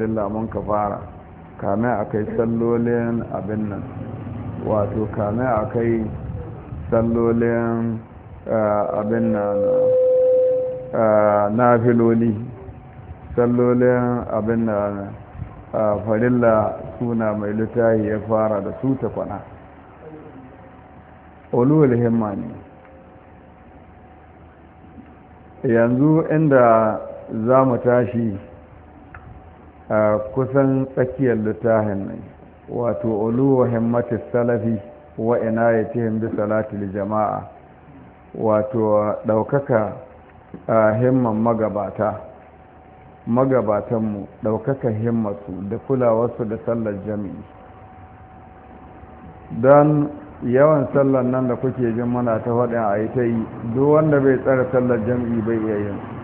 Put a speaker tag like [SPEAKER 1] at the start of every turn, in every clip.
[SPEAKER 1] lillah mun ka fara kame a kai sallolin abin nan wato kame a kai sallolin eh, abin nan eh, na filoli sallolin abin nan eh, farilla suna mai littafi ya fara da su ta kwana olul himma ne yanzu inda za mu tashi kusan tsakiyar littafin nan, wato uluwa himmatu salafi wa inayatihim bi salatil jama'a wato daukaka himman magabata magabatanmu daukaka himmatu da kulawarsu da sallar jami'i don yawan sallar nan da kuke jin muna ta faɗin a yi ta yi duk wanda bai tsara sallar jami'i bai iya yin su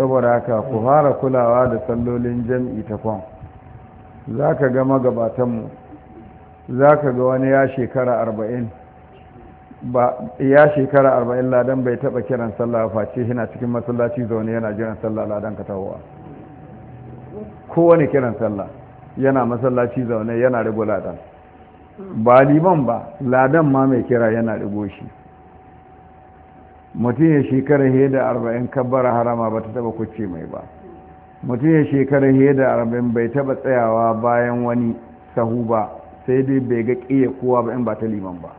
[SPEAKER 1] saboda haka ku fara kulawa da sallolin jam'i ta kwan za ka ga magabatanmu za ka ga wani ya shekara arba'in ya shekara arba'in ladan bai taɓa kiran sallah face yana cikin masallaci zaune yana jiran sallah ladan ka tawowa kowane kiran sallah yana masallaci zaune yana rigo ladan ba liman ba ladan ma mai kira yana rigo shi mutum ya shekara fiye da arba'in kabbara harama ba ta taba kuce mai ba mutum ya shekara fiye da arba'in bai taba tsayawa bayan wani sahu ba sai dai bai ga ƙiya kowa ba in ba ta liman ba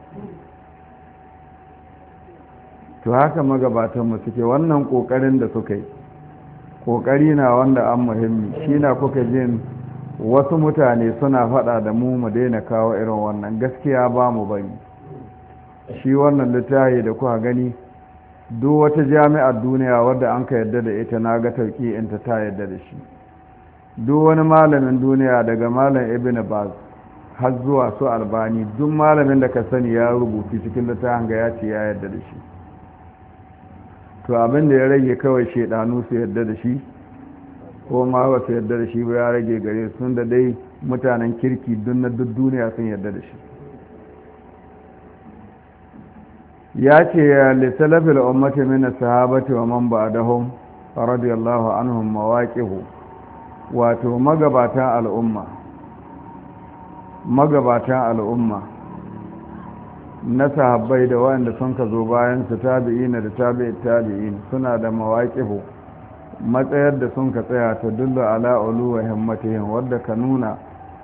[SPEAKER 1] to haka mu suke wannan ƙoƙarin da suka yi ƙoƙari na wanda an muhimmi shi na kuka jin wasu mutane suna faɗa da mu mu daina kawo irin wannan gaskiya ba mu bane shi wannan littafi da kuka gani duk wata jami'ar duniya wadda an ka yadda da ita na ga in ta yadda da shi duk wani malamin duniya daga malam ibn baz har zuwa su albani duk malamin da ka sani ya rubutu cikin littafin ga ya ce ya yadda da shi to abin da ya rage kawai shaidanu su yadda da shi ko ma ba su yadda da shi ba ya rage gare sun da dai mutanen kirki duk na duk duniya sun yadda da shi ya ce ya littalafil ummati mina sahabati wa man ba'dahum radiyallahu anhum mawaqihu wato magabatan al'umma magabatan al'umma na sahabbai da waɗanda sun ka zo bayan su tabi'ina da tabi'i tabi'in suna da mawaqihu matsayar da sun ka tsaya ta dullu ala ulu wa himmatihim wadda ka nuna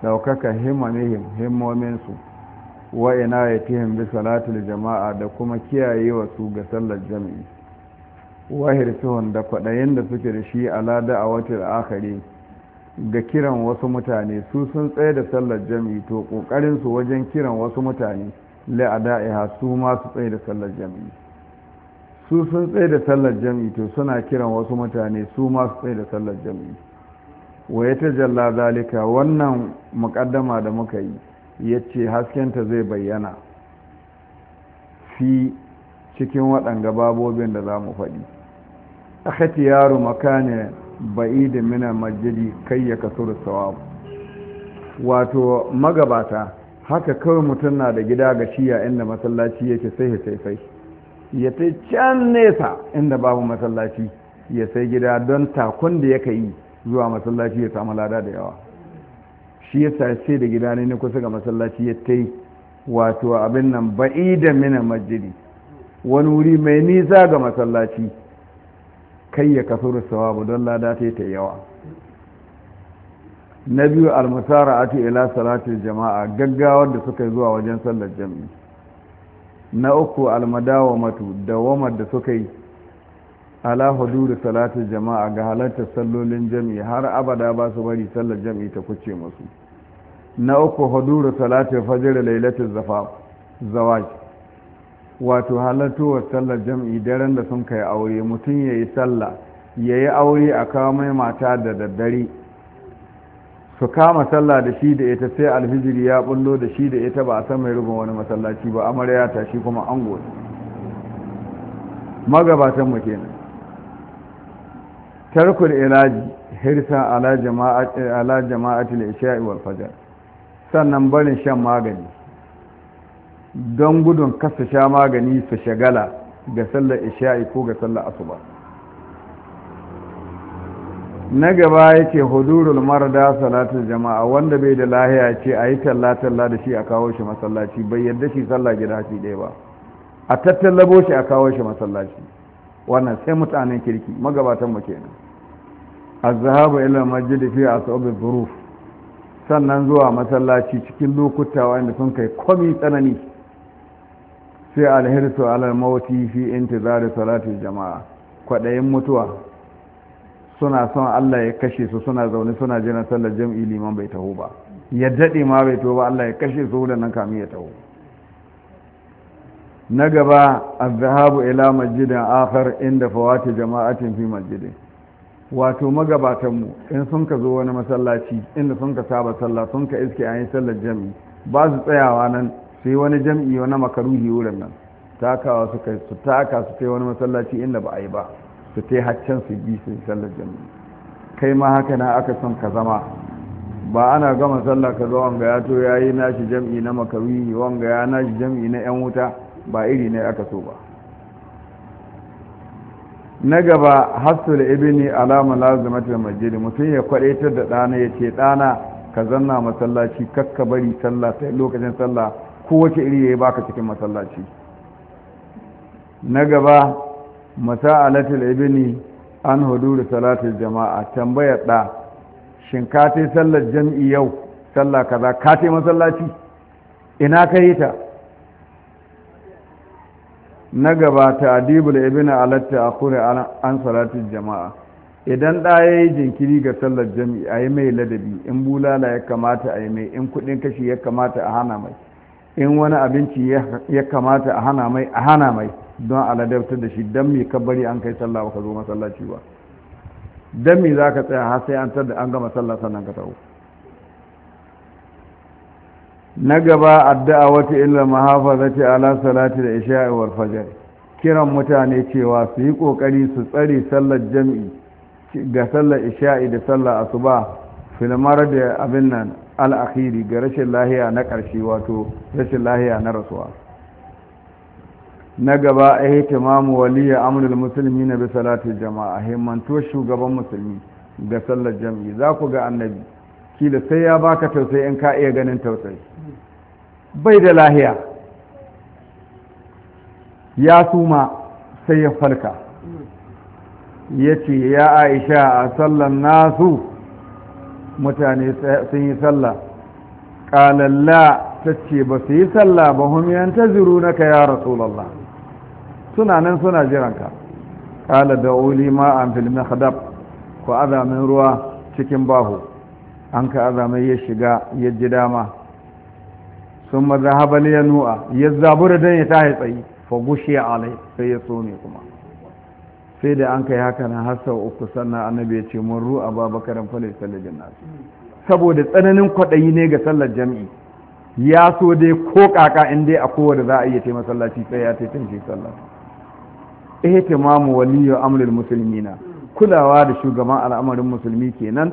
[SPEAKER 1] daukaka himmanihim himmominsu Wa'ina ina fi bi salatul jama'a da kuma wa su ga sallar jami'i wahir suhun da kwaɗayin da suke da shi a a da'awatil akhari ga kiran wasu mutane su sun tsaye da sallar jami'i to ƙoƙarinsu wajen kiran wasu mutane la'ada'iha su ma su tsaye da sallar jami'i su sun tsaye da sallar jami'i to suna kiran wasu mutane su ma su tsaye da sallar jami'i wa ya ta jalla zalika wannan muƙaddama da muka yi ya ce haskenta zai bayyana fi cikin waɗanga babobin da za mu faɗi a hati yaro makane ba'i da mina majidi kai ya kasu da sawabu wato magabata haka kawai mutum na da gida ga shiya inda masallaci yake sai ya sai ya ta can nesa inda babu masallaci ya sai gida don takun da yaka yi zuwa masallaci ya samu lada da yawa shi ya sace da gida ne kusa ga masallaci ya ta yi wato abin nan ba'i da mina majiri wani wuri mai nisa ga masallaci kai ya kaso sawabu don lada ta yi ta yawa na biyu a ati ila salatul jama'a gaggawar da suka zuwa wajen sallar jami'i na uku almadawa matu da dawamar da suka yi ala hududu salatin jama'a ga halartar sallolin jami'i har abada ba su bari sallar jami'i ta kuce musu na uku hududu salatin fajr lailatul zafaf zawaj wato halartowar sallar jami'i daren da sun kai aure mutum yayi sallah yayi aure a kawo mai mata da daddare su kama sallah da shi da ita sai alhijiri ya bullo da shi da ita ba a san mai rubin wani masallaci ba amarya ta shi kuma ango magabatan mu kenan tarkul ilaji hirsa ala jama'ati ala jama'ati al-isha'i wal sannan barin shan magani don gudun kasa sha magani su shagala ga sallar isha'i ko ga sallar asuba na gaba yake hudurul marda salatul jama'a wanda bai da lahiya ce a yi talla-talla da shi a kawo shi masallaci bai yadda shi sallah gida shi ɗaya ba a tattallabo shi a kawo shi masallaci wannan sai mutanen kirki magabatan mu kenan azhabu ila masjid fi asab dhuruf sannan zuwa masallaci cikin lokuta wanda sun kai komi tsanani sai alhirsu alal mawti fi intizari salati jama'a kwadayin mutuwa suna son Allah ya kashe su suna zaune suna jiran sallar jam'i liman bai taho ba ya dade ma bai taho ba Allah ya kashe su da nan kamin ya taho na gaba azhabu ila masjidin akhar inda fawati jama'atin fi masjidin wato magabatanmu in sun ka zo wani masallaci inda sun ka saba sallah sun ka iske a yi sallar jam'i ba su tsayawa nan sai wani jam'i wani makaruhi wurin nan takawa su kai su taka su kai wani masallaci inda ba a yi ba su kai haccan su bi su sallar jam'i kai ma haka na aka son ka zama ba ana gama sallah ka zo wanga ya to ya yi nashi jam'i na makaruhi wanga ya nashi jam'i na yan wuta ba iri ne aka so ba na gaba hasul ibni alama lazimatul majid mutum ya kwadaitar da ɗana ya ce ɗana ka zanna masallaci kakka bari sallah sai lokacin sallah wace iri yayi baka cikin masallaci na gaba masa'alatul ibni an hudur salatul jama'a tambayar ɗa shin ka sallar jam'i yau sallah kaza ka masallaci ina ka ta na gaba ta adibul ibn alatta a kure an salatin jama'a idan ɗa ya yi jinkiri ga sallar jami'i a yi mai ladabi in bulala ya kamata a yi mai in kuɗin kashi ya kamata a hana mai in wani abinci ya kamata a hana mai a hana mai don a ladabtar da shi don mai kabari an kai sallah ba ka zo masallaci ba don me za ka tsaya har sai an tar da an gama sallah sannan ka taho na gaba addu'a wata illa ce ala salati da isha'i wal fajr kiran mutane cewa su yi kokari su tsare sallar jami'i ga sallar isha'i da sallar asuba filmar da abin nan al'akhiri ga rashin lahiya na ƙarshe wato rashin lahiya na rasuwa na gaba a tamamu waliya amuril musulmi na bi salatin jama'a himmanto shugaban musulmi ga sallar jami'i za ku ga annabi kila sai ya baka tausayi in ka iya ganin tausayi bai da lahiya ya suma sai ya falka ya ce ya aisha a sallan nasu mutane sun yi sallah ƙalalla ta ce ba su yi sallah ba humiyan ta ziru na ka ya rasulallah suna nan suna jiranka ƙala da uli ma a filmi hadab ku azamin ruwa cikin baho an ka azamai ya shiga ya ji dama sun mazahaba ya nu'a ya da don ya tahi tsayi fa gushe alai sai ya so kuma sai da an kai haka na har sau uku sannan annabi ya ce mun ru ba bakaran falai sallar nasu saboda tsananin kwaɗayi ne ga sallar jam'i ya so dai ko kaka in dai a kowane za a iya ce masallaci sai ya taitan shi sallah ihtimamu waliyu musulmi na kulawa da shugaban al'amarin musulmi kenan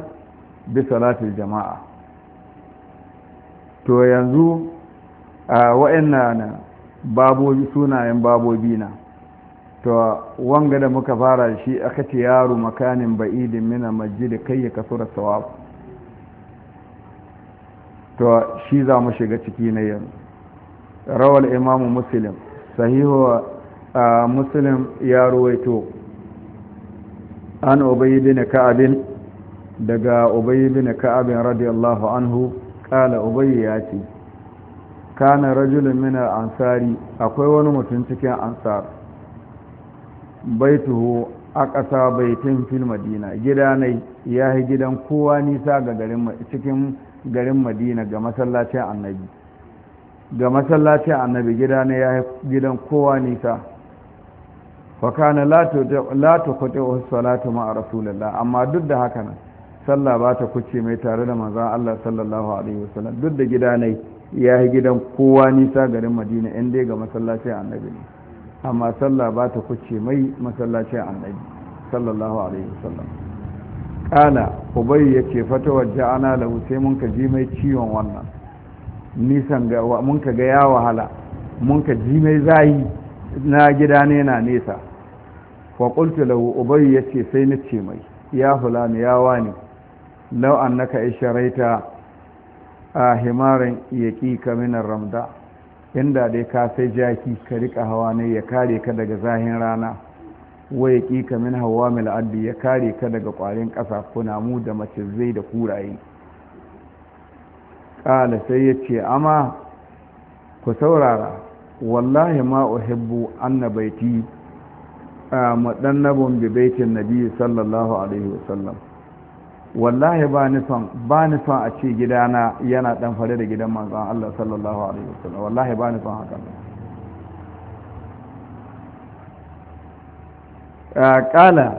[SPEAKER 1] bi salatul jama'a to yanzu wa'annan babobi sunayen babobi na to wanga da muka fara shi aka ce yaro makanin ba'idin mina da kai ya kasu da sawab to shi za mu shiga ciki na yin rawar imamu musulun sahihu musulun ya ruwaito an ubayi bin ka'abin daga ubayi bin ka'abin radiyallahu anhu kala obayi ya ce kana rajulun min ansari akwai wani mutum cikin ansar baituhu a ƙasa baitin fil madina gida ne ya yi gidan kowa nisa ga garin cikin garin madina ga masallacin annabi ga masallacin annabi gida ne ya yi gidan kowa nisa fakana la ta wasu salatu ma a rasulallah amma duk da haka nan sallah ba ta kuce mai tare da manzan allah sallallahu alaihi wasallam duk da gida ne ya yi gidan kowa nisa garin madina in dai ga masallacin annabi ne amma sallah ba ta kuce mai masallacin annabi sallallahu alaihi wasallam kala ubayi ya ce fata wajja ana lahu sai mun ka ji mai ciwon wannan nisan ga mun ka ga ya wahala mun ka ji mai zayi na gida ne na nesa wa qultu lahu ubayi ya ce sai ni ce mai ya fulani ya wani law annaka isharaita a himarin yaƙi kaminar ramda inda dai ka sai jaki ka riƙa hawa ne ya kare ka daga zahin rana wa yaƙi kamin hawa mil'addi ya kare ka daga ƙwarin ƙasa kunamu da mace zai da kuraye ƙala sai ya ce amma ku saurara wallahi ma uhibbu annabaiti a maɗannabin bibaitin nabi sallallahu alaihi wasallam wallahi ba ni son ba ni son a ce gidana yana dan fare da gidan manzon Allah sallallahu alaihi wasallam wallahi ba ni son haka kala ah,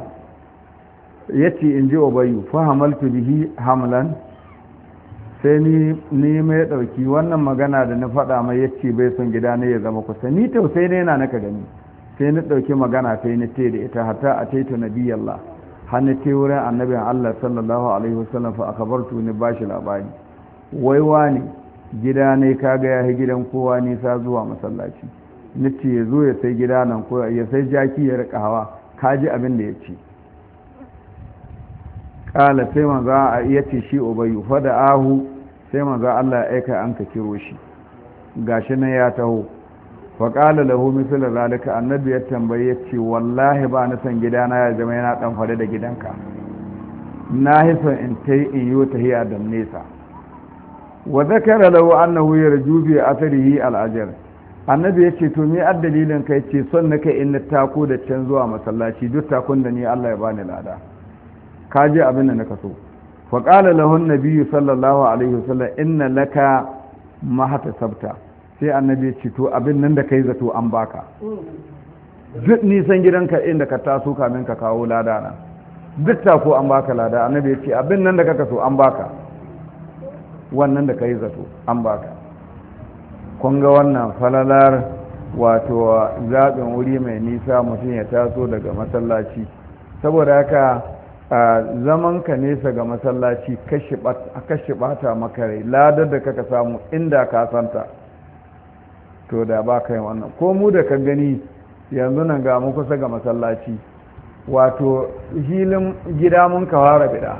[SPEAKER 1] yace in ji ubayu fa hamaltu bihi hamlan sai ni ni mai dauki wannan magana da na faɗa mai yace bai son gidana ya zama kusa ni tausayi ne yana naka gani sai ni dauki magana sai ni tayi da ita hatta a taita nabiyallah hannu te wurin annabin Allah sallallahu alaihi wasallam fa akabartu ni shi labari wai wani gida ne ka ga ya gidan kowa nisa zuwa masallaci nace ya zo ya sai gida nan ko ya sai jaki ya rika hawa ka ji abin da ya ce kala sai za a iya ce shi ubayu fada ahu sai za Allah ya aika an ka kiro shi gashi nan ya taho faƙala lahu misalin zalika annabi ya tambaye ce wallahi ba na son gidana ya zama yana ɗan fare da gidanka na hison in ta yi in yi ta hiya da nesa wa zakara lahu annahu yarju bi al-ajr annabi ya ce to me addalilin kai ce son naka in na tako da can zuwa masallaci duk takon da ni Allah ya bani lada ka je abin da naka so faƙala lahu annabi sallallahu alaihi wasallam inna laka mahata sabta sai annabi ce to abin nan da kai zato an baka duk nisan gidanka inda ka taso kamin ka kawo lada na duk ta ko an baka lada annabi ya ce abin nan da kaka so an baka wannan da kai zato an baka kun ga wannan falalar wato zaɓin wuri mai nisa mutum ya taso daga masallaci saboda haka a zaman ka nesa ga masallaci kashi ɓata makarai ladar da kaka samu inda ka santa to da ba ka yi wannan ko mu da ka gani yanzu nan ga mu kusa ga masallaci wato hilin gida mun ka fara bida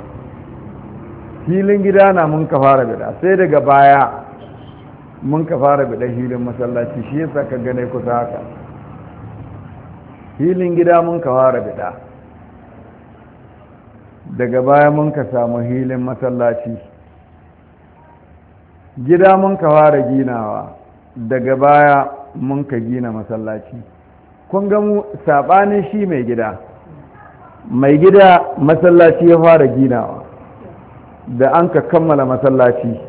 [SPEAKER 1] hilin gida na mun ka fara bida sai daga baya mun ka fara bida hilin masallaci shi yasa ka gane kusa haka hilin gida mun ka fara bida daga baya mun ka samu hilin masallaci gida mun ka fara ginawa daga baya mun ka gina masallaci kun ga mu sabanin shi mai gida mai gida masallaci ya fara ginawa da an ka kammala masallaci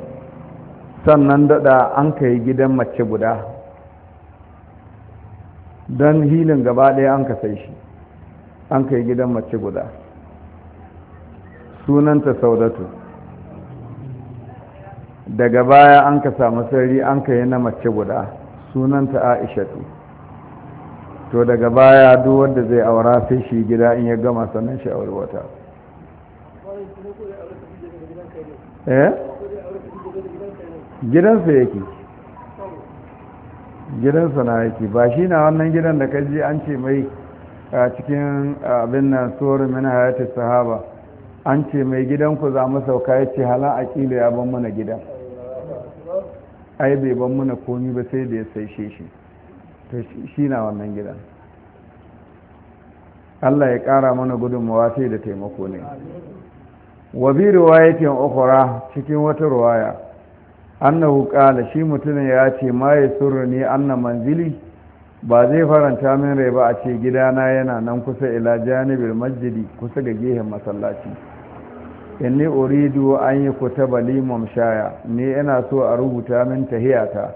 [SPEAKER 1] sannan dada an ka yi gidan mace guda don hilin gaba ɗaya an ka sai shi an ka yi gidan mace guda sunanta saudatu daga baya an ka samu sarari an ka yi na mace guda sunanta tu. to daga baya duk wanda zai aura sai shi gida in ya gama sannan shi aure wata eh gidansa yake gidansa na yake ba shi na wannan gidan da ka an ce mai a cikin abin na tsoron mana hayati sahaba an ce mai gidanku za mu sauka ya ce hala a ƙila ya ban mana gidan ai bai ban muna komi ba sai da ya saishe shi to shi na wannan gidan Allah ya kara mana gudunmawa sai da taimako ne wa bi riwayatin ukhra cikin wata riwaya annahu qala shi mutumin ya ce ma ya ne anna manzili ba zai faranta min rai ba a ce gidana yana nan kusa ila janibil masjidi kusa ga gehen masallaci inni uridu an yi kutaba limam shaya ni ina so a rubuta min tahiyata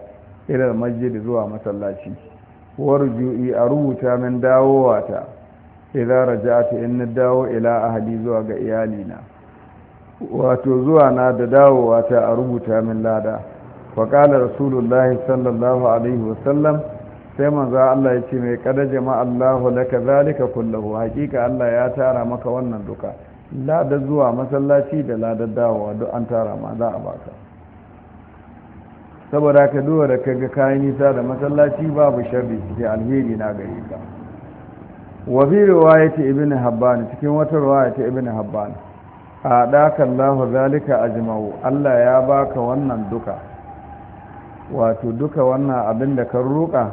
[SPEAKER 1] ilal masjid zuwa masallaci warju'i a rubuta min dawowata idza raja'tu in dawo ila ahli zuwa ga iyalina wato zuwa na da dawowata a rubuta min lada wa qala sallallahu alaihi sallam! sai manzo Allah ya ce mai kada jama'a Allahu laka zalika kullahu hakika Allah ya tara maka wannan duka lada zuwa masallaci da lada dawowa duk an tara ma za a baka saboda ka duwa da kaga kayan nisa da masallaci babu sharri cikin alheri na gare ka wa ya riwayati ibn habban cikin wata ya ta ibn habban a daka Allahu zalika ajma'u Allah ya baka wannan duka wato duka wannan abin da ka ruƙa,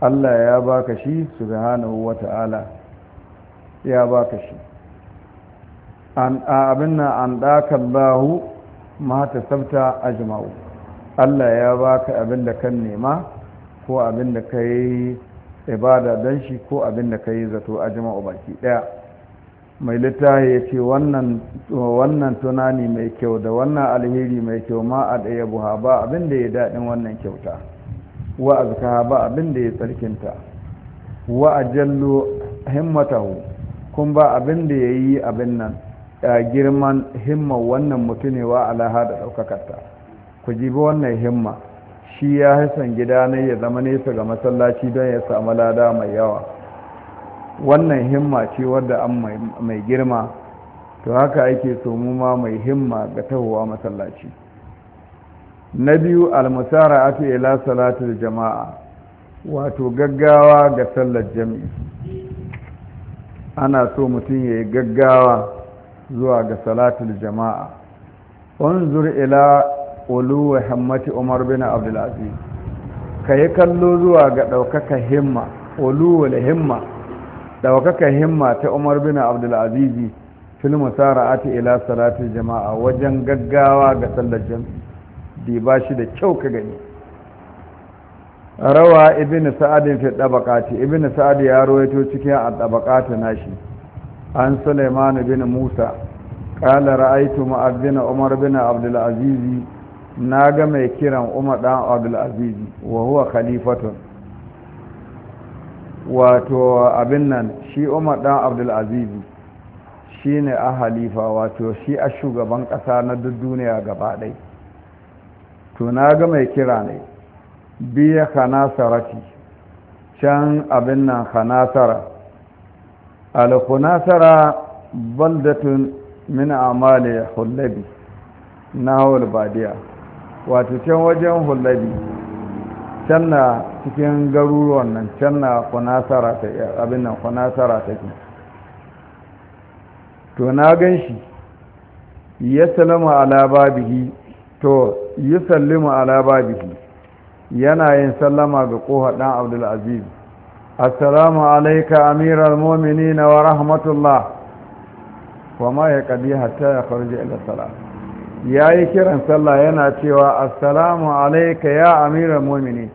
[SPEAKER 1] Allah ya baka shi subhanahu wata'ala ya baka shi abin na an ɗakan lahu mata sabta a jima'u allah ya baka abin da kan nema ko abin da ka yi ibada don shi ko abin da ka yi zato a jima'u baki ɗaya mai littafi ya ce wannan tunani mai kyau da wannan alheri mai kyau ma a ɗaya buha ba abin da ya daɗin wannan kyauta wa azkaha ba abin da ya tsarkinta wa ajallu himmatahu kun ba abin da ya yi abin nan girman himma wannan mutunewa alaha da ɗaukakarta ku jibi wannan himma shi ya hasan gida ne ya zama nesa ga masallaci don ya samu lada mai yawa wannan himma ce wadda an mai girma to haka ake so mu ma mai himma ga tahowa masallaci na biyu almusara atu ila salatul jama'a wato gaggawa ga sallar jami'i ana so mutum ya yi gaggawa zuwa ga salatul jama'a unzur ila uluwa himmati umar bin abdulaziz ka yi kallo zuwa ga ɗaukaka himma uluwa da himma ɗaukaka himma ta umar bin abdulaziz fil musara'ati ila salatul jama'a wajen gaggawa ga sallar jami'i di ba shi da kyau ka gani rawa ibn sa'ad fi dabaqati ibn sa'ad ya rawaito cikin al dabaqati nashi عن سليمان بن موسى قال رأيت مؤذن عمر بن عبد العزيز ناغم يكرم عمر بن عبد العزيز وهو خليفة wato abin nan shi umar dan abdulazizi shi ne a halifa wato shi a shugaban ƙasa na duk duniya gaba ɗai to na ga mai kira ne biya kanasarati can abin nan kanasara alkunasara baldatun min amali hullabi na hawar badiya wato can wajen hullabi can na cikin garuruwan nan can na kunasara ta abin nan kunasara ke? to na gan shi ya salama ala babihi to yi sallama ala babihi yana yin sallama ga ƙoha ɗan abdulaziz السلام عليك أمير المؤمنين ورحمة الله وما يقضي حتى يخرج إلى الصلاة يا يكرن صلى يناتي السلام عليك يا أمير المؤمنين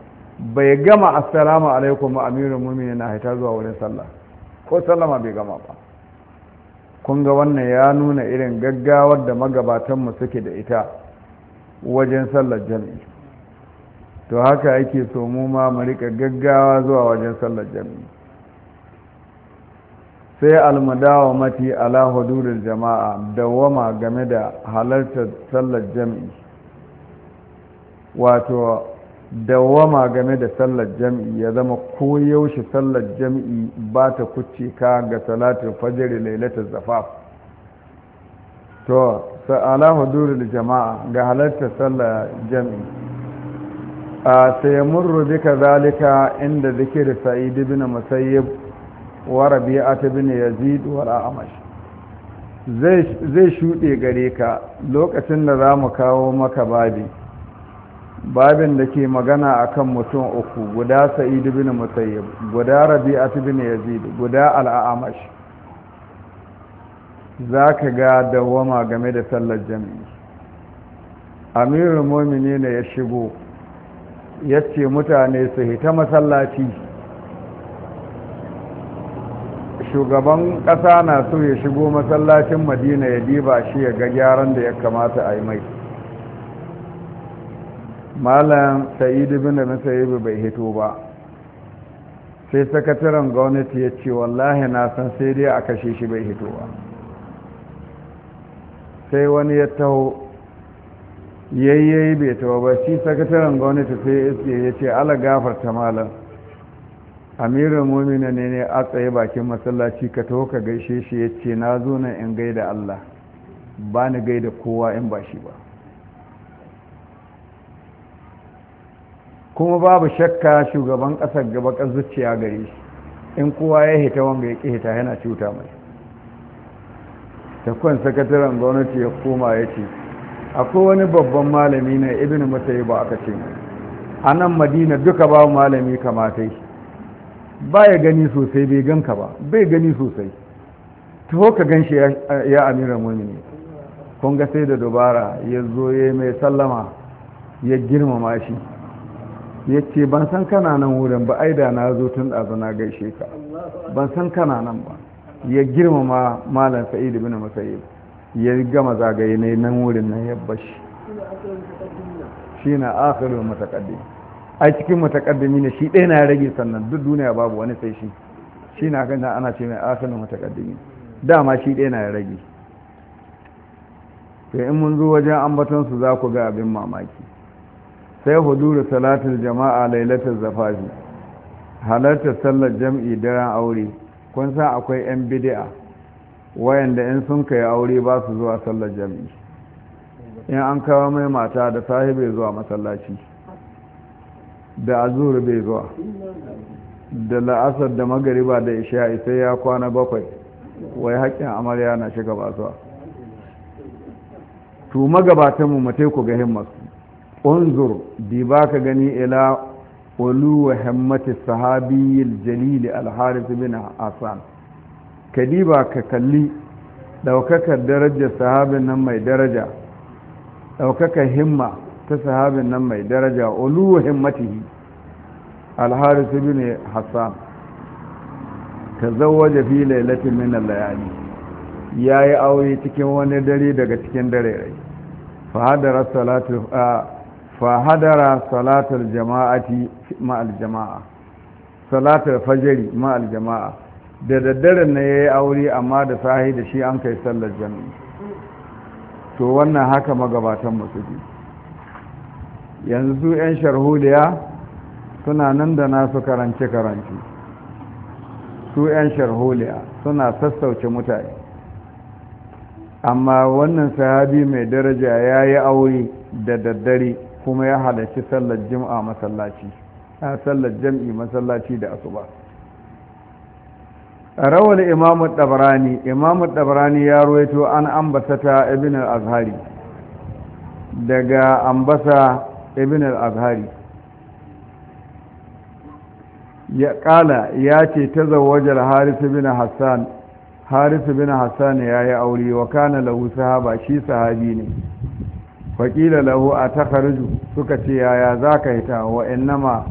[SPEAKER 1] bai gama assalamu alaikum ba amirul mu'minin na haita zuwa wurin sallah ko sallama bai gama ba kun ga wannan ya nuna irin gaggawar da magabatanmu suke da ita wajen sallar jami'i to haka ake so mu ma mu rika gaggawa zuwa wajen sallar jami'i sai almudawa mati ala hudurul jama'a dawama game da halartar sallar jami'i wato dawama game da sallar jami'i ya zama koyaushe sallar jami'i ba ta kucce ka ga salatin fajr lailatul zafaf to sa ala hudurul jama'a ga halartar sallar jami'i سيمر بك ذلك عند ذكر سعيد بن مسيب وربيعة بن يزيد والأعمش zai shuɗe gare ka lokacin da za mu kawo maka babi babin da ke magana akan mutum uku guda sa'idu bin musayyib guda rabi'atu bin yazid guda al'amash za ka ga dawama game da sallar jami'i amirul mumini ne ya shigo ya ce mutane su hita masallaci shugaban ƙasa na so ya shigo masallacin madina ya diba shi ya ga gyaran da ya kamata a yi mai malam sa'idu bin musayibu bai hito ba sai sakataren gwamnati ya ce wallahi na san sai dai a kashe shi bai hito ba sai wani ya taho yayyayi bai tawa ba shi sakataren gwamnati sai ya ce ya ce ala gafarta malam amirin mumina ne ne a tsaye bakin masallaci ka taho ka gaishe shi ya ce na zo nan in gaida allah ba ni gaida kowa in ba shi ba kuma babu shakka shugaban ƙasar gaba ƙasar zuciya gare shi in kowa ya hita wanga ya ƙi hita yana cuta mai takwan sakataren gwamnati ya koma ya ce akwai wani babban malami na ibn matsayi ba aka ce a nan madina duka ba malami kamata yi ba ya gani sosai bai ganka ba bai gani sosai taho ka gan shi ya amira mumini kun ga sai da dubara ya zo ya mai sallama ya girmama shi ya ce ban san kana nan wurin ba aida na zo tun ɗazu na gaishe ka ban san kana nan ba ya girmama malam sa'id ibn ba ya gama zagaye ne nan wurin nan ya bashi shi na akhirin matakaddi a cikin matakaddi ne shi ɗaya na rage sannan duk duniya babu wani sai shi shi na kan ana ce mai akhirin mutakaddimi dama shi ɗaya na rage Sai in mun zo wajen ambaton su za ku ga abin mamaki sai huduru salatul jama'a lailatul zafafi halartar sallar jam'i daren aure kun san akwai 'yan bidi'a wayanda in sun kai aure ba su zuwa sallar jami'i in an kawo mai mata da sahi bai zuwa masallaci da azur bai zuwa da la'asar da magariba da isha'i sai ya kwana bakwai wai haƙƙin amarya na shiga ba zuwa to mu mate ku ga himmas. unzur bi ba gani ila ulu wa himmati sahabiyil jalili al-harith bin hasan ka diba ka kalli ɗaukakar darajar sahabin nan mai daraja ɗaukakar himma ta sahabin nan mai daraja oluwa himmatihi bi ne hassan ta zawaje fi lailatin min layani. ya yi aure cikin wani dare daga cikin dare rai fahadara salatar jama'ati ma'al jama'a salatar fajari ma'al jama'a da daddare na ya yi aure amma da sahi da shi an kai sallar jami'i to wannan haka magabatan ji yanzu su 'yan sharholiya suna nan da nasu karance-karance su 'yan sharholiya suna sassauce mutane amma wannan sahabi mai daraja ya yi aure da daddare kuma ya halarci sallar jami'i masallaci da asuba rawar imamu ɗabarani imamu ɗabarani ya ruwaito an ambata ta ibn al-azhari daga ambata ibn al-azhari ya ƙala ya ce ta zawajar haris bin hassan haris bin hassan ya yi aure wa kana lahu sahaba shi sahabi ne faƙila lahu a takarju suka ce yaya za ka hita wa innama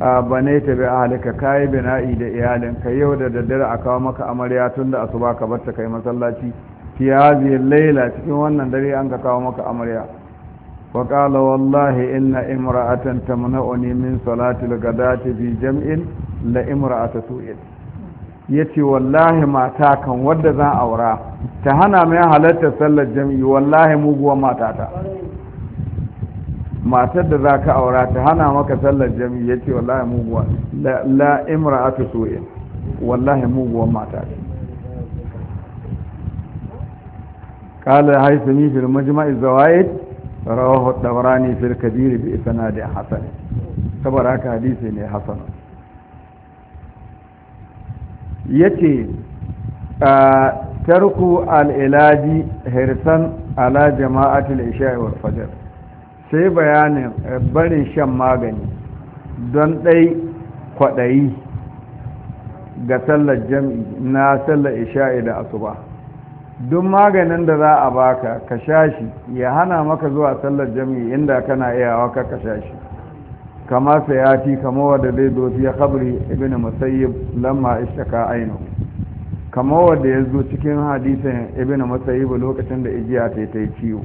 [SPEAKER 1] bane ta bi ahalika kayi bina'i da iyalin ka yau da daddare a kawo maka amarya tun da asuba ka bar ta kai masallaci fi hadhihi layla cikin wannan dare an ka kawo maka amarya wa qala wallahi inna imra'atan tamna'uni min salati al-ghadati fi jam'in la imra'atu tu'id yace wallahi mata kan wadda zan aura ta hana mai halatta sallar jam'i wallahi muguwa matata matar da za ka aura ta hana maka sallar jami'i ya ce wallahi muguwa la imra'atu su'in wallahi muguwan mata ce قال هيثمي في المجمع الزوائد رواه الدوراني في الكبير بإسناد حسن تبارك ya ce a tarku al'ilaji hirsan ala jama'atul isha'i wal fajr sai bayanin eh, barin shan magani don ɗai kwaɗayi ga sallar jam'i na sallar isha'i da asuba duk maganin da za a baka ka sha shi ya hana maka zuwa sallar jam'i inda kana iya waka ka sha shi kama sayati kama wadda zai dozi ya kabri ibn musayyib lamma ishaka ainu kama wadda ya zo cikin hadisin ibn musayyib lokacin da ijiya ta yi ciwo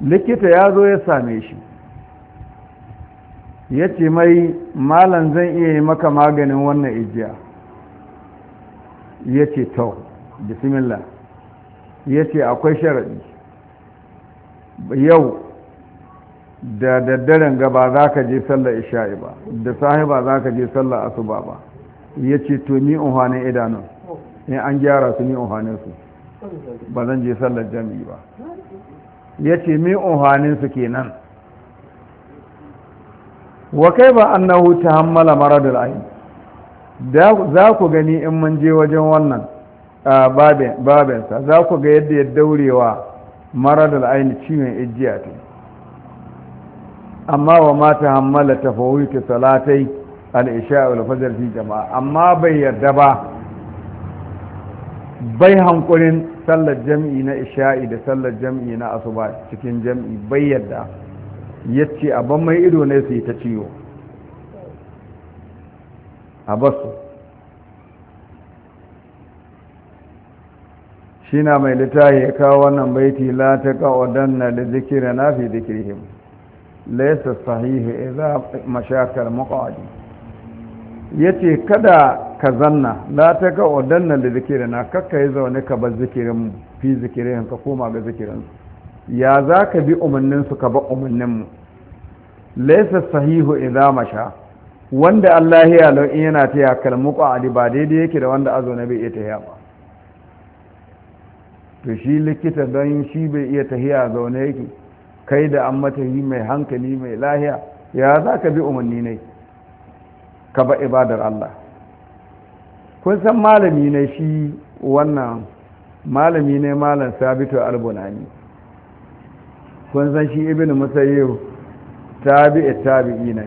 [SPEAKER 1] likita ya zo ya same shi ya ce mai malam zan iya yi maka maganin wannan ijiya ya ce tau bismillah ya ce akwai sharaɗi yau da daddaren gaba za ka je sallar isha'i ba da sahiba za ka je sallar asuba ba ya ce to ni unhanin idanun in an gyara su ni unhanin su ba zan je sallar jami'i ba ya ce mi ke kenan wa kai ba annahu ta hammala maradul ayin za ku gani in mun je wajen wannan babinsa za ku ga yadda ya daurewa maradul ayin ciwon ijiya ta amma wa ta hammala ta fawita salatai al'isha alfajar fi jama'a amma bai yarda ba bai hankulin sallar jam'i na isha'i da sallar jam'i na asuba cikin jam'i bai yadda ya ce a ban mai ido ne su yi ta ciwo a basu shi na mai littafi ya kawo wannan baiti la ta don na da zikira na fi zikirhim laisa sahihu idza mashakar muqadi ya ce kada ka zanna na ta ga wadannan da zikirin na kakka yi zaune ka bar zikirin fi zikirin ka koma ga zikirin ya za ka bi umarninsu ka ba umarninmu laisa sahihu idza masha wanda Allah ya lau in yana ta kalmu muku ali ba daidai yake da wanda azo na bai iya tahiya ba to shi likita don shi bai iya tahiya zaune yake kai da an matahi mai hankali mai lahiya ya za ka bi umarni ne ka ba ibadar Allah kun san malami ne shi wannan malami ne malam sabito albunani kun san shi ibn musayyib tabi'i tabi'i ne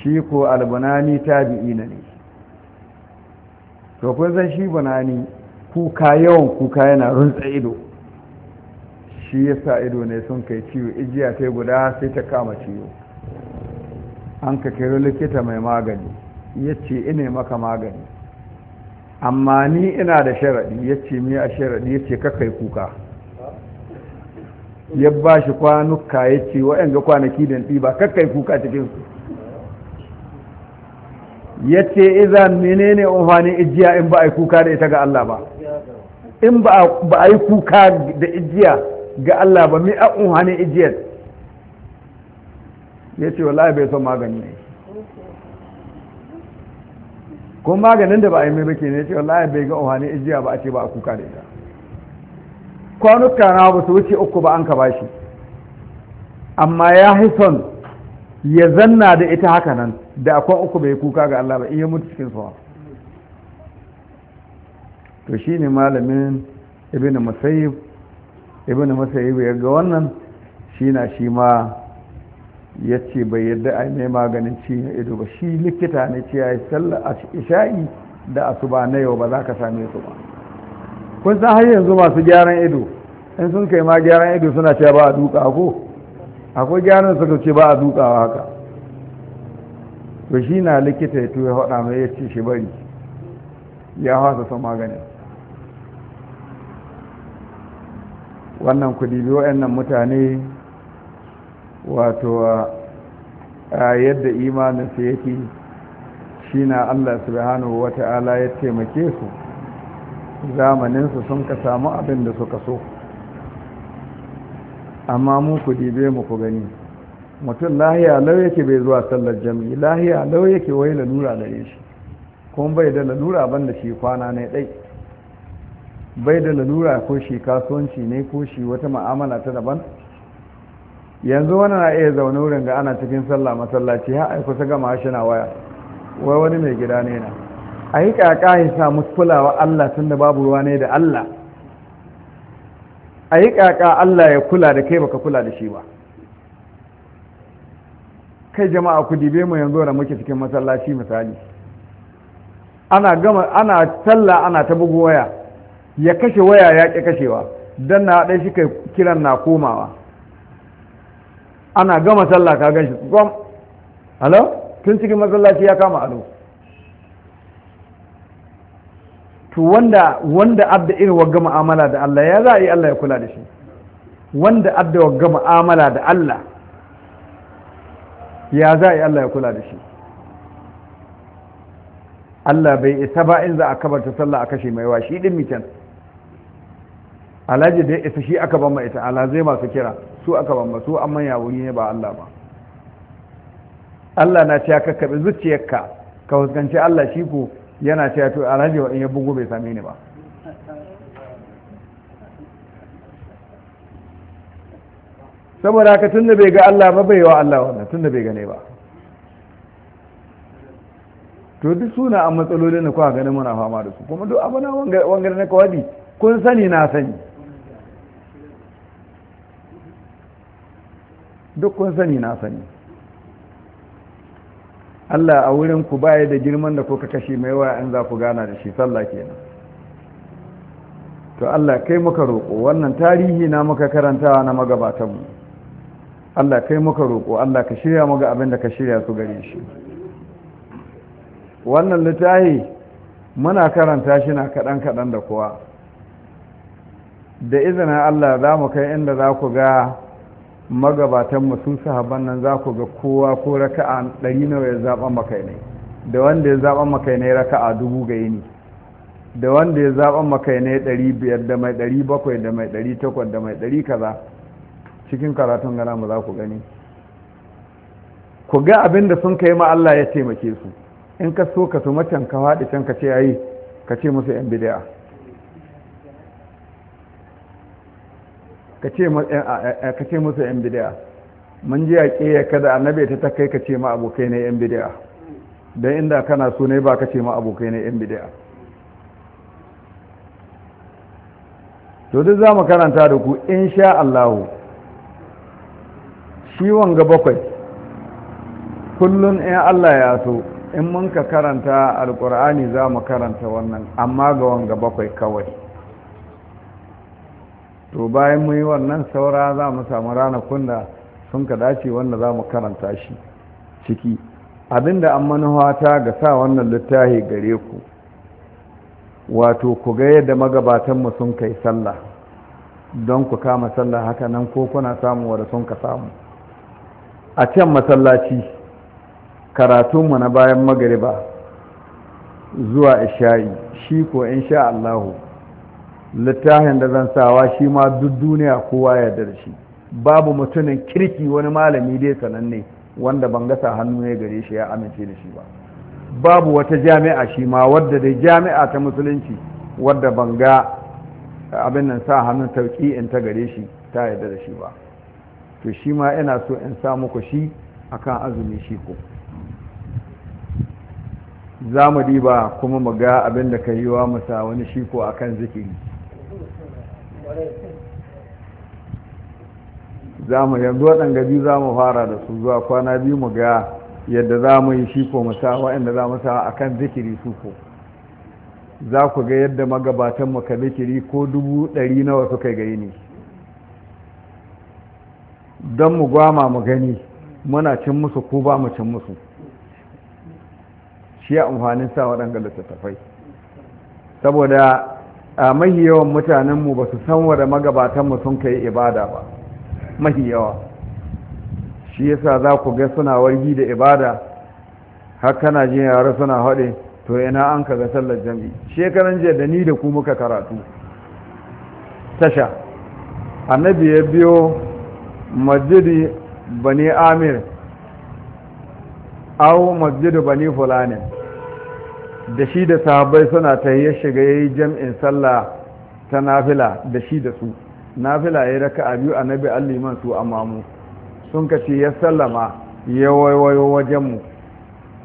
[SPEAKER 1] shi ko albunani tabi'i ne to kun san shi bunani kuka yawan kuka yana runtsa ido shi yasa ido ne sun kai ciwo ijiya sai guda sai ta kama ciwo an ka kira likita mai magani ya ce ina maka magani amma ni ina da sharaɗi ya ce mi a sharaɗi ya ce kakai kuka ya ba shi kwanuka ya ce waɗanda kwanaki da ba kakai kuka cikinsu ya ce iza menene umfani ijiya in ba a yi kuka da ita ga Allah ba in ba a yi kuka da ijiya ga Allah ba mi a umfani ijiyar ya ce wallahi bai son magani ne ko maganin da ba a yi maimaki ne ya ce wallahi bai ga ohani ijiya ba a ce ba a kuka da ita kwanuka na ba su wuce uku ba an ka bashi amma ya fi son ya zanna da ita haka nan da akwai uku bai kuka ga Allah ba in ya mutu cikin sawa to shi ne malamin ibn masayib ibn masayib ya ga wannan shi na shi ma ya ce bai yadda a mai maganin na ido ba shi likita ne ce ya yi a isha'i da asuba na yau ba za ka same su ba kun san har yanzu masu gyaran ido in sun kai ma gyaran ido suna ce ba a duka ko akwai gyaran suka ce ba a dukawa haka to shi na likita ya ya haɗa mai ya ce shi bari ya hasa son maganin wannan kudi biyu waɗannan mutane wato yadda imaninsu yake shi na allah subhanahu wa ta'ala ya taimake su zamaninsu sun ka samu abin da suka so amma mu ku dibe mu ku gani mutum lahiya lau yake bai zuwa sallar jami'i lahiya lau yake wai lalura da shi kuma bai da lalura ban da shi kwana ne ɗai bai da lalura ko shi kasuwanci ne ko shi wata ma'amala ta daban yanzu wani na iya zaune wurin da ana cikin sallah masallaci ha ai kusa gama shi na waya wai wani mai gida ne na a yi kaka ya samu kulawa Allah tun da babu ruwa ne da Allah a yi kaka Allah ya kula da kai baka kula da shi ba kai jama'a ku dibe mu yanzu da muke cikin masallaci misali ana gama ana sallah ana ta bugu waya ya kashe waya ya ƙi kashewa dan na haɗe shi kai kiran na komawa ana gama sallah ka gan shi gwam halo tun cikin masallaci ya kama ado to wanda wanda abda irin wagga amala da Allah ya za a yi Allah ya kula da shi wanda abda wagga amala da Allah ya za a yi Allah ya kula da shi Allah bai isa ba in za a kabarta sallah a kashe mai washi din mitan alhaji da isa shi aka ban ita alhazai masu kira su aka bamba su an manya wuri ne ba Allah ba Allah na ce ka kabe zuciyarka ka huskanci Allah shi ko yana ce to alhaji wa in ya bugu bai same ni ba saboda haka tunda bai ga Allah ba bai wa Allah wannan tunda bai gane ba to duk suna a matsalolin da kuka ganin muna fama da su kuma duk abu na wangar na kawadi kun sani na sani duk kun sani na sani Allah a wurin ku baya da girman da kuka kashe mai waya in za ku gana da shi sallah kenan to Allah kai muka roƙo wannan tarihi na muka karantawa na magabatanmu Allah kai muka roƙo Allah ka shirya muga abin da ka shirya su gare shi wannan littafi muna karanta shi na kaɗan kaɗan da kowa da izinin Allah za mu kai inda za ku ga magabatan masu sahaban nan za ku ga kowa ko raka'a ɗari nawa ya zaɓa makainai da wanda ya zaɓa makainai raka'a dubu ga yini da wanda ya zaɓa makainai ɗari biyar da mai ɗari bakwai da mai ɗari takwas da mai ɗari kaza cikin karatun gana mu za ku gani ku ga abin da sun kai ma Allah ya taimake su in ka so ka so macen ka faɗi can ka ce ayi ka ce musu yan bid'a Eh, eh, eh, ka ce musu yan bidiya mun ji yaƙe ya kada annabi ta takai ka ce ma abokai ne yan bidiya don inda kana so ne ba ka ce ma abokai ne yan bidiya to duk za mu karanta da ku sha Allahu shi wanga bakwai kullun in Allah ya so in mun ka karanta alkur'ani za mu karanta wannan amma ga wanga bakwai kawai to bayan mu yi wannan saura za mu samu ranakun da sun ka dace wanda za mu karanta shi ciki abinda an ta ga sa wannan littafi gare ku wato ku ga yadda magabatanmu sun kai sallah don ku kama sallah haka nan ko kuna samu wadda sun ka samu a can masallaci karatunmu na bayan magariba zuwa isha'i shi ko in sha Allahu littafin da zan sawa shi ma duk duniya kowa ya da shi babu mutumin kirki wani malami dai sananne wanda ban gasa hannu ne gare shi ya amince da shi ba babu wata jami'a shi ma wadda dai jami'a ta musulunci wadda ban ga abin nan sa hannun tauki in ta gare shi ta yarda da shi ba to shi ma ina so in sa muku shi akan azumi shi ko za mu diba kuma mu ga abin da ka yiwa musa wani shi ko akan zikiri za yanzu waɗanda biyu za mu fara da su zuwa kwana biyu mu ga yadda za mu yi shi ko mu sa waɗanda za mu sa a kan zikiri su ko za ku ga yadda magabatan ka zikiri ko dubu ɗari nawa suka gai ne don mu gwama mu gani muna cin musu ko ba mu cin musu shi amfanin sa waɗanda littattafai saboda a mahi yawan mutanenmu ba su san wadda magabatanmu sun kai ibada ba mahi yawa shi yasa za ku ga suna wargi da ibada har kana jin yara suna haɗe to ina an ga sallar jam'i shekaran jiya da ni da ku muka karatu tasha annabi ya biyo majidi bani amir au majidi bani fulanin da shi da sahabbai suna ta ya shiga ya yi jam'in sallah ta nafila da shi da su nafila ya raka a biyu annabi alliman su a mamu sun ka ce ya sallama ya waiwayo wajenmu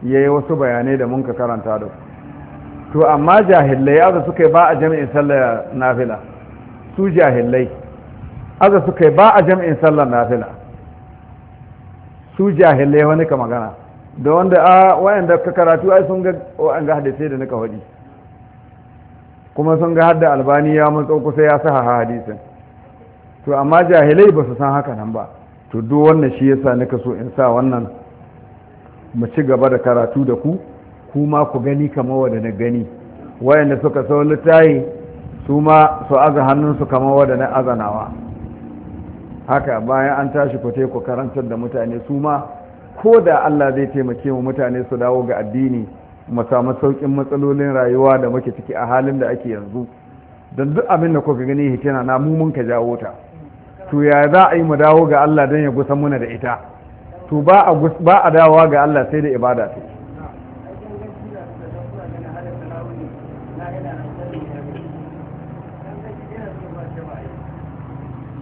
[SPEAKER 1] ya yi wasu bayanai da mun ka karanta da su to amma jahillai aza suka yi ba a jam'in sallah nafila su jahillai aza suka yi ba a jam'in sallah nafila su jahillai wani ka magana da wanda a wayanda ka karatu ai sun ga an ga hadisai da nika faɗi kuma sun ga hadda albani ya matso kusa ya sa hadisin to amma jahilai ba su san haka nan ba to duk wannan shi yasa nika so in sa wannan mu ci gaba da karatu da ku kuma ku gani kamar wanda na gani wayanda suka sau litayi su ma su aza hannunsu kamar wanda na azanawa haka bayan an tashi ku ku karantar da mutane su ma ko da Allah zai taimake mu mutane su dawo ga addini mu samu saukin matsalolin rayuwa da muke ciki a halin da ake yanzu don duk abin da kuka gani hitina na mu mun ka jawo ta to ya za a yi mu dawo ga Allah don ya gusa muna da ita to ba a ba dawowa ga Allah sai da ibada ta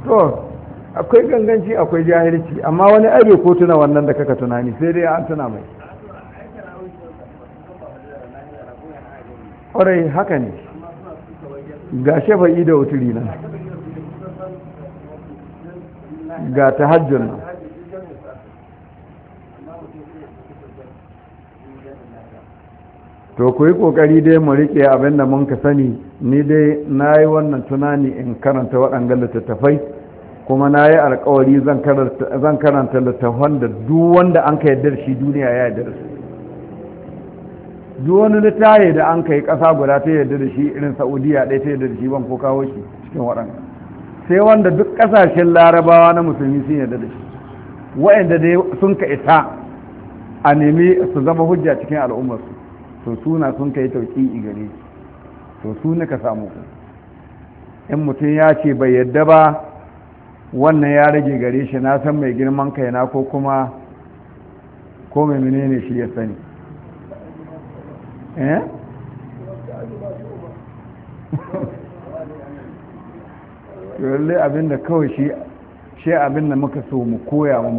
[SPEAKER 1] to akwai ganganci akwai jahilci amma wani abe ko tuna wannan da kaka tunani sai dai an tuna mai
[SPEAKER 2] ƙwarai haka ne ga shafa'i da wuturi nan ga ta hajjun nan
[SPEAKER 1] to ku yi ƙoƙari dai mu riƙe abinda mun ka sani ni dai na yi wannan tunani in karanta waɗanda littattafai kuma na yi alkawari zan karanta littafan da duk wanda an ka yadda shi duniya ya yadda su duk wani littafi da an ka yi ƙasa guda ta yadda da shi irin saudiya ɗaya ta yadda da shi ban ko kawo shi cikin waɗanda sai wanda duk ƙasashen larabawa na musulmi sun yadda da shi wa'anda dai sun ka isa a nemi su zama hujja cikin su, to suna sun ka yi tauki gare to su ka samu in mutum ya ce bai yadda ba wannan ya rage gare shi na san mai girman kaina ko kuma ko mai menene shi ya sani
[SPEAKER 2] eh
[SPEAKER 1] lalle abinda kawai shi abinda muka so mu koya